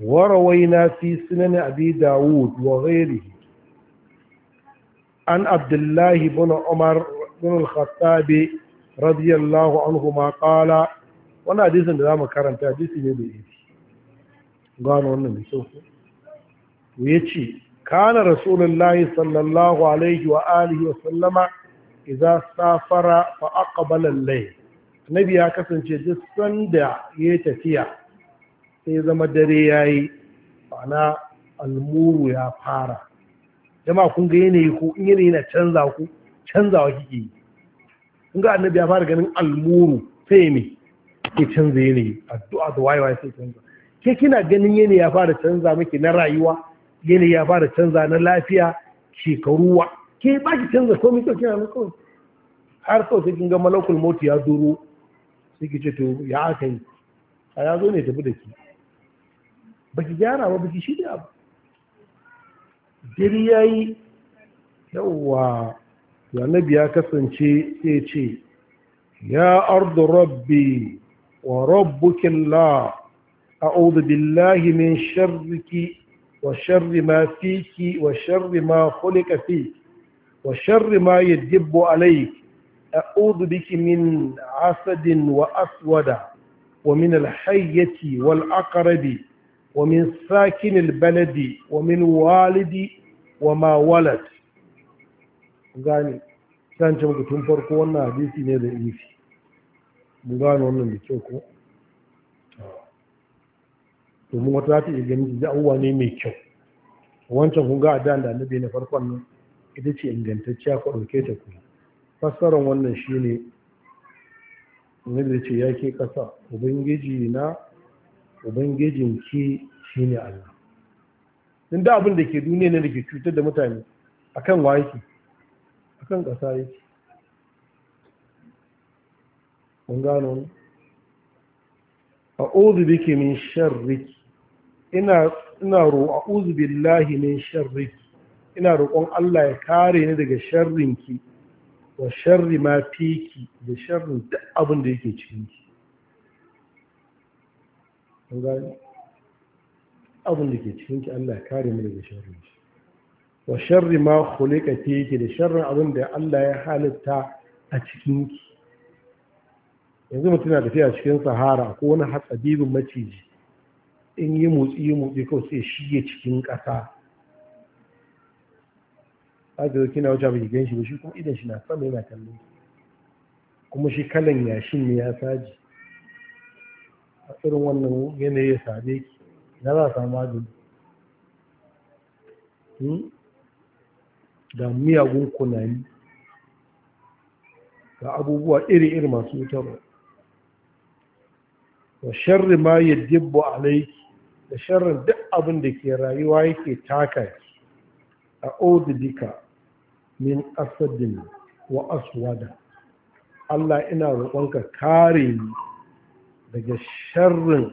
wa na fi sunan abi dawud wa ghairihi an abdullah ibn umar ibn al-khattab radiyallahu anhu ma qala wannan hadisin da zamu karanta hadisi ne da yake gano wannan da kyau yace kana rasulullahi sallallahu alaihi wa alihi wa sallama idza safara fa aqbala al-layl annabi ya kasance duk sanda ya tafiya sai zama dare yayi ana almuru ya fara jama kun ga yanayi ko in yanayi na canza ku canzawa kike yi kun ga annabi ya fara ganin almuru sai me ke canza yanayi addu'a da wayewa sai canza ke kina ganin yanayi ya fara canza miki na rayuwa yanayi ya fara canza na lafiya shekaru wa ke ba ki canza komai kyau kina nan kawai har sau sai kin ga malakul moti ya duro sai ki ce to ya aka yi a ya zo ne tafi da ki ba ki gyara ba ba ki shirya ba Jiri ya yi yawwa annabi ya kasance ya ce ya ardu rabbi wa rabbukin la a'udu billahi min sharriki وشر ما فيك وشر ما خلق فيك وشر ما يدب عليك أعوذ بك من عسد وأسود ومن الحية والعقرب ومن ساكن البلد ومن والد وما ولد gane can can mutum farko wannan hadisi ne da isi mu gane wannan da kyau ko domin wata za ta iya ganin da abubuwa ne mai kyau wancan kun ga adan da annabi na farkon nan ita ce ingantacciya ku ɗauke ta ku fassarar wannan shine annabi ce ya ke ƙasa ubangiji na ubangijin ki ne Allah din da abin da ke duniya ne da ke cutar da mutane akan wa yake akan ƙasa yake mun gano da ke min sharriki ina ina ro'a'uzu billahi min sharri ina roƙon Allah ya kare ni daga sharrinki wa sharri ma fiki da sharrin duk abin da yake cikinki abin da ke cikin ki, Allah ya kare mu daga sharrin ki. wa sharri ma khuliqa fiki da sharrin abin da Allah ya halitta a cikin ki. yanzu mutum na tafiya cikin sahara ko wani hatsabibin maciji in yi motsi yi motsi kawai sai shige cikin ƙasa haka zai kina wuce bai gan shi ba shi kuma idan shi na sama yana kallo kuma shi kalan yashin ne ya saji a irin wannan yanayi ya same ki na za a samu magani da hmm? miyagun kunani ga abubuwa iri-iri masu wutarwa wa sharri ma yadda alaiki da sharrin duk abin da ke rayuwa yake taka a odidika min asadin wa aswada Allah ina roƙonka kare ni daga sharrin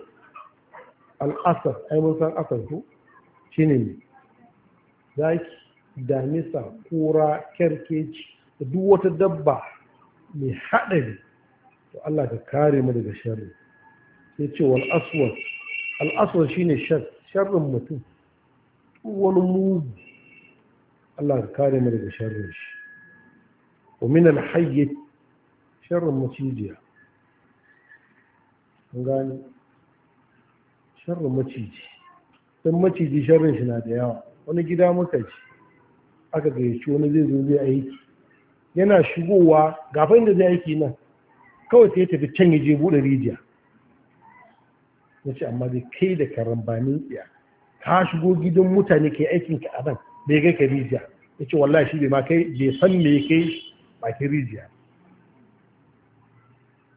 al'asar ai san asar ku shine ne zaki damisa kura kerkeci da duk wata dabba mai haɗari to Allah ka kare mu daga sharri sai ce wal al'asar shi ne sharrin mutum wani mugu Allah ka kare mu daga sharrin shi ومن sharrin macijiya مچيجيا gani sharrin maciji don maciji sharrin shi na da yawa wani gida muka ci aka gayyaci wani zai zo zai aiki yana shigowa gafin da zai aiki nan kawai sai tafi can ya je buɗe rijiya ya ce amma dai kai da karambanin tsiya ka shigo gidan mutane ke aikin ka a nan bai kai ka rijiya ya ce wallahi shi bai ma kai bai san me kai bakin rijiya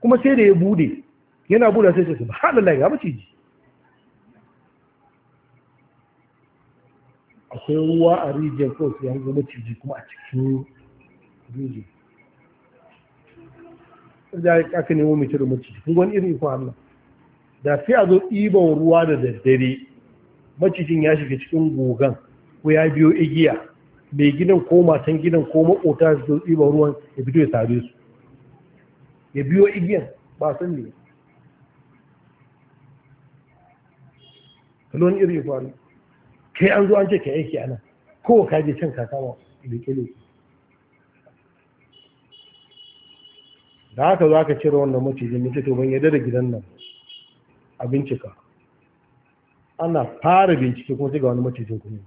kuma sai da ya bude yana bude sai haɗa subhanallah ga maciji akwai ruwa a rijiyar kawai sai an zama ciji kuma a cikin rijiyar. Sai da aka nemo mai cire maciji, kun gwani irin ikon hannun da fi a zo ɗiban ruwa da daddare macijin ya shiga cikin gogan ko ya biyo igiya mai gidan ko matan gidan ko maƙota su zo ɗiban ruwan ya fito ya sare su ya biyo igiyan ba san ne kalon iri ya faru kai an zo an ce ka aiki ana kowa ka je can kaka ma leke da haka za ka cire wannan macijin mace to ban yadda da gidan nan a bincika ana fara bincike kuma sai ga wani macijin kuma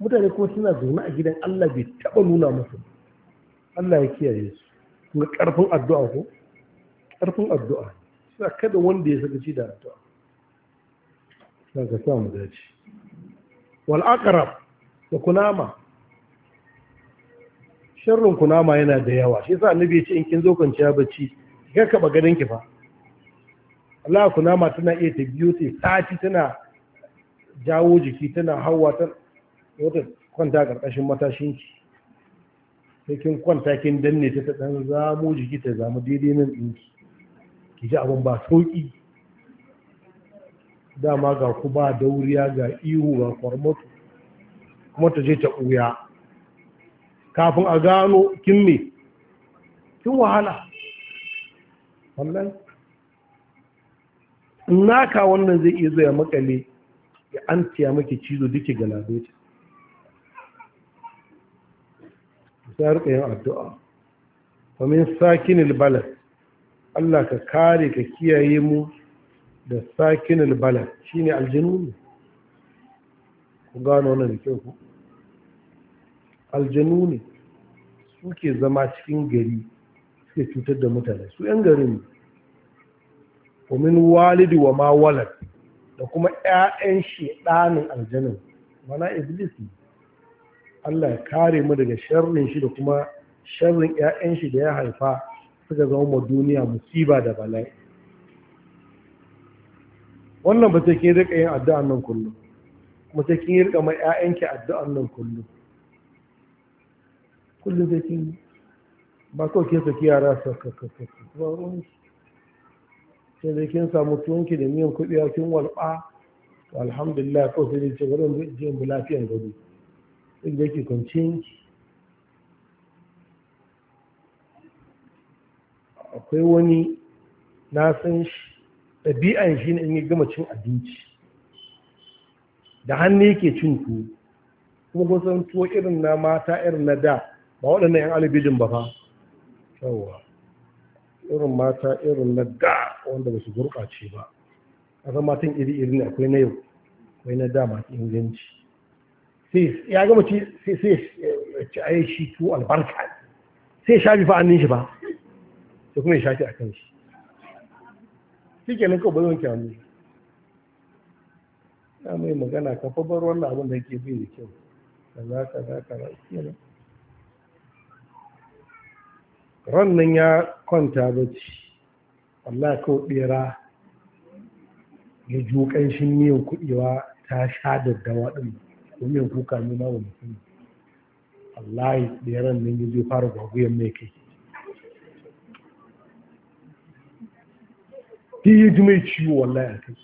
mutane kuma suna zaune a gidan Allah bai taɓa nuna musu Allah ya kiyaye su kuma ƙarfin addu'a ko ƙarfin addu'a suna kada wanda ya saka ci da addu'a suna ga samu dace wal aqrab da kunama sharrin kunama yana da yawa shi yasa annabi ya ce in kin zo kwanciya bacci ki ka ganin ki fa Allah kunama tana iya ta biyo ta sati tana jawo jiki tana hawa ta wata kwanta karkashin matashin ki sai kin kwanta kin danne ta ta dan zamo jiki ta zamu daidai nan din ki ji abin ba sauki dama ga ku ba dauriya ga ihu ga kwarmatu kuma ta je ta ɓuya kafin a gano kin ne, kin wahala wallahi naka wannan zai iya zuwa makale ya an maki cizo duke ga ladoci sai rika yin addu'a wa min sakinil balad Allah ka kare ka kiyaye mu da sakinil balad shine aljinun ku gano wannan da kyau ku aljinun suke zama cikin gari suke cutar da mutane su 'yan garin ne walidi wa وما ولد da kuma shi shedanin aljanin mana iblis ne Allah ya kare mu daga sharrin shi da kuma sharrin 'ya'yan shi da ya haifa suka zama ma duniya musiba da bala'i wannan ba ta ke rika yin addu'an nan kullum kuma ke rika ma yayanki addu'an nan kullum kullum sai kin ba kawai ke saki yara su kakakaki ba ruwanki sai dai kin samu tuwonki da miyan kuɗi a kin walɓa to alhamdulillah kawai sai dai ce wurin jiyan bu lafiyan gado sai da yake kwanciyanki akwai wani na san shi ɗabi'an shi ne in yi gama cin abinci da hannu yake cin tuwo kuma kusan san tuwo irin na mata irin na da ba waɗannan 'yan alibijin ba fa yawwa irin mata irin na da wanda ba su gurɓace ba kasan matan iri-iri ne akwai na yau akwai na da masu inganci ya gama ci sai eh, ci a shi tu albarka sai ya shafi fa'annin shi ba sai kuma ya shafi a kan shi shi ke nan kawai wanke hannu ya mai magana kafa bar wannan abin da yake bi da kyau kaza kaza kaza kenan rannan ya kwanta bacci Allah ko bera ya ju kanshin miyan kuɗewa ta sha daddawa ɗin ko miyan kuka ne ma wani kuma. wallahi beran nan ya zo fara gwagwuyan mai kai ki yi ji mai ciwo wallahi a kai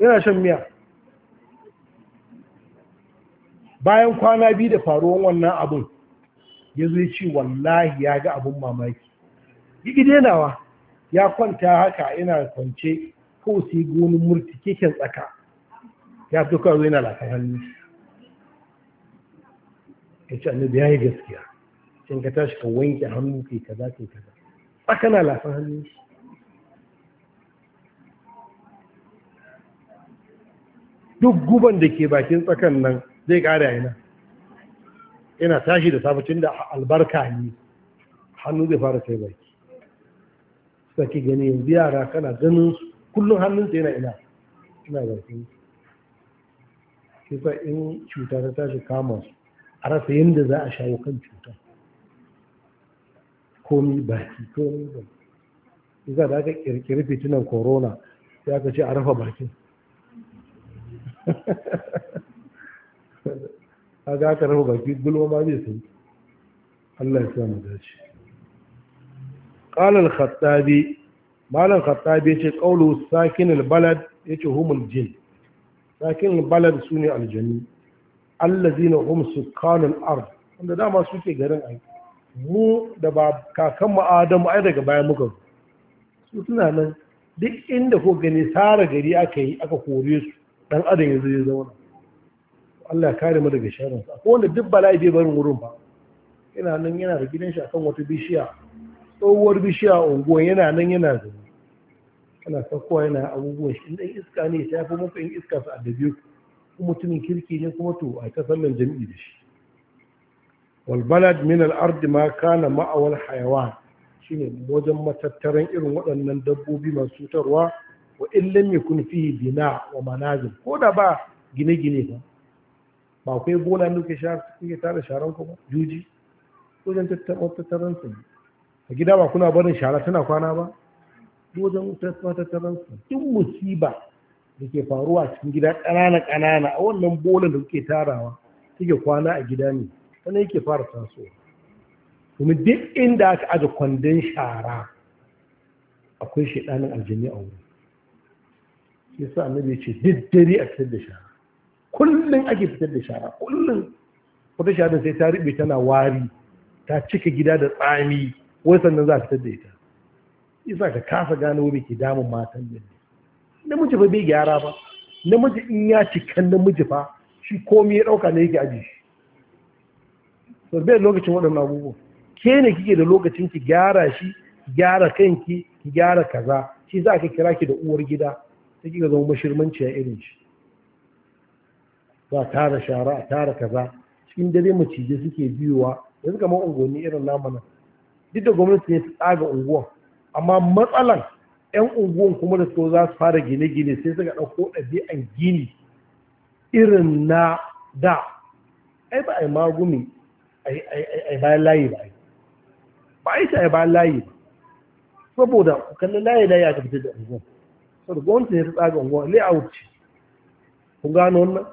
yana shan miya bayan kwana biyu da faruwan wannan abun ya zo ya ce wallahi ya ga abin mamaki gigi denawa ya kwanta haka yana kwance ko sai gonin murti keken tsaka ya fito kawai yana lafar hannu ya ce annabi ya yi gaskiya sai ka tashi ka wanke hannu kai ka kai kaza tsaka na lafar hannu duk guban da ke bakin tsakan nan zai ƙara yana yana tashi da safe da albarka ne hannu zai fara sai baki suka ke gani yanzu yara kana ganin kullum hannun sai yana ina ina bakin kisa in cuta ta tashi kama su a rasa yadda za a shawo kan cuta komi baki komi baki kisa da aka kirkiri fitinan corona sai aka ce a rafa bakin <laughs> kaga aka raba baki gulma ma zai san Allah ya sa dace qala khattabi malam khattabi yace qawlu sakin al-balad yace humul jin sakin al-balad sune aljani allazina hum kanun ard wanda dama suke garin ai mu da ba kakan mu Adamu ai daga baya muka su suna nan duk inda ko gani sara gari aka yi aka kore su dan adam yanzu ya zauna Allah kare mu daga sharrin sa ko wanda duk bala'i bai barin wurin ba yana nan yana da gidan shi akan wata bishiya tsohuwar bishiya a unguwa yana nan yana da kana saukowa yana abubuwan shi in iska ne ta fi muku in iska su addabi ku Ko mutumin kirki ne kuma to a ta sallan jami'i da shi walbalad min al-ard ma kana ma'awal hayawan shine wajen matattaran irin waɗannan dabbobi masu cutarwa wa in yakun fihi bina wa manazil ko da ba gine-gine ba ba kai bola da kuke tara sharan ku ba juji wajen tattaran su a gida ba kuna barin shara tana kwana ba wajen tattaran su duk musiba da ke faruwa cikin gida ƙanana ƙanana a wannan bolan da kuke tarawa take kwana a gida ne sannan yake fara tasowa kuma duk inda aka aje kwandon shara akwai shaidanin aljini a wurin yasa annabi ya ce duk dare a fitar da shara kullum ake fitar da shara kullum wata shara sai ta riɓe tana wari ta cika gida da tsami wai sannan za a fitar da ita isa ka kasa gano wani ke damun matan ne namiji fa bai gyara ba namiji in ya cika namiji fa shi komai ya ɗauka ne yake aji shi so bai lokacin waɗannan abubuwa ke ne kike da lokacin ki gyara shi gyara kanki ki gyara kaza shi za ka kira ki da uwar gida sai kika zama mashirmanci a irin shi za a tara shara a tara kaza cikin dare macije suke biyowa da suka ma unguwanni irin namu nan duk da gwamnati ne ta tsaga unguwan amma matsalan yan unguwan kuma da su za su fara gine-gine sai suka ɗauko ɗabi'an gini irin na da ai ba a yi magumi a bayan layi ba ba a yi ta yi bayan layi ba saboda kallon layi layi aka fitar da unguwan saboda gwamnati ne ta tsaga unguwan a wuce kun gano wannan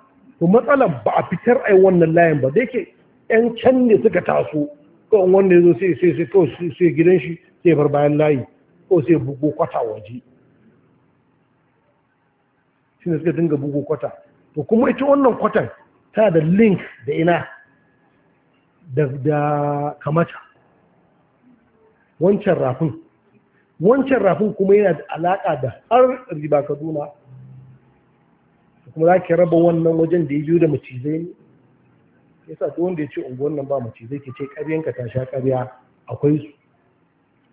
to matsalar ba a fitar a yi wannan layin ba dai ke yan can ne suka taso kawai wanda ya zo sai sai sai kawai sai gidan shi sai bar bayan layi ko sai bugo kwata waje shi ne suka dinga bugo kwata to kuma ita wannan kwatan ta da link da ina da kamata wancan rafin wancan rafin kuma yana da alaƙa da har riba kaduna kuma za ki raba wannan wajen da ya biyu da macizai ne Ya sa tuwon da ya ce unguwan nan ba macizai ke ce ƙaryanka ta sha karya akwai su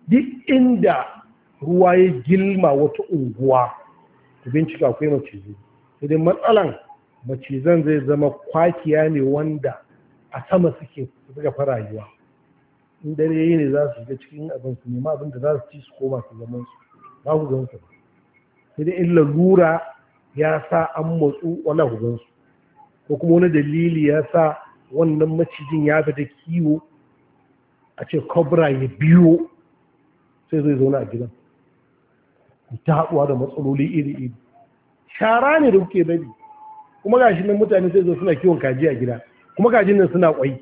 duk inda ruwa ya gilma wata unguwa ku bincika akwai macizai sai matsalan macizan zai zama kwakiya ne wanda a sama suke suka fara rayuwa in dare yayi ne za su ga cikin abin su nema abin da za su ci su koma su zaman su ba ku gan su sai dai in lalura ya sa an motsu wani hukunsu ko kuma wani dalili ya sa wannan macijin ya fita kiwo a ce cobra ya biyo sai zai zauna a gidan ta haɗuwa da matsaloli iri-iri shara ne da kuke bari kuma gashi nan mutane sai zo suna kiwon kaji a gida kuma kajin nan suna kwai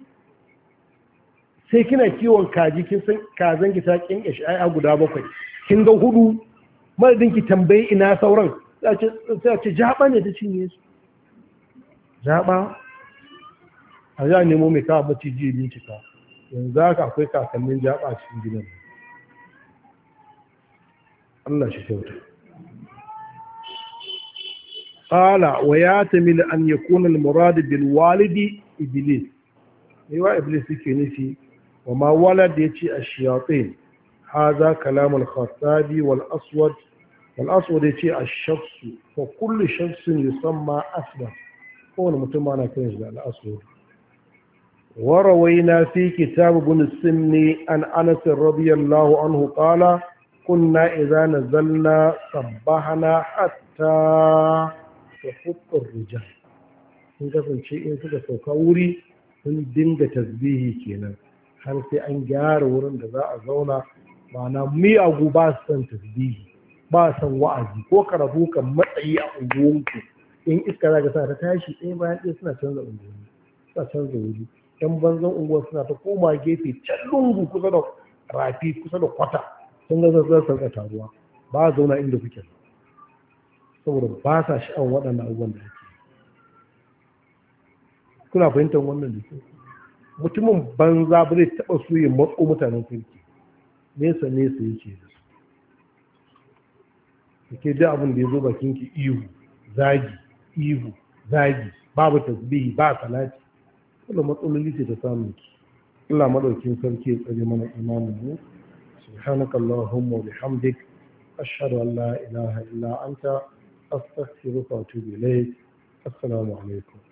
sai kina kiwon kaji kin san kazan ki ta shi ai guda bakwai kin ga hudu madadin ki tambayi ina sauran sai a ce jaɓa ne ta cinye su jaɓa a za a nemo mai kawo bacci ji bincika yanzu ka akwai kakannin jaɓa a cikin gidan Allah shi kyauta ƙala wa ya tamil an ya kunan muradu bil walidi iblis yawa iblis suke nufi wa ma da ya ce a shiyatsin haza kalamul khattabi wal aswad Al'asu ya ce a shafsu wa kullu shafsun yusamma aswad kowane mutum ma na kiran shi da fi kitabu في كتاب an السن عن انس رضي الله عنه قال كنا اذا نزلنا hatta حتى تفك الرجال sun kasance in suka sauka wuri sun dinga tasbihi kenan har sai an gyara wurin da za a zauna ma'ana miyagu ba su son tasbihi ba son wa'azi ko ka rabu kan matsayi a unguwanku in iska za ka sa ta tashi ɗaya bayan ɗaya suna canza unguwanni suna canza wuri yan banzan unguwan suna ta koma gefe can lungu kusa da rafi kusa da kwata sun ga zazzar sarka taruwa ba a zauna inda kuke saboda ba sa sha'an waɗannan abubuwan da ake kuna fahimtar wannan da ke mutumin banza ba zai taɓa so ya matso mutanen kirki nesa nesa yake da ke da abin da ya zo bakin ki ihu zagi ihu zagi babu tasbihi ba salati wannan matsaloli ce ta samu ki Allah maɗaukin sarki ya tsare mana imanin mu subhanaka allahumma wa bihamdik ashhadu an la ilaha illa anta astaghfiruka wa atubu ilayk assalamu alaikum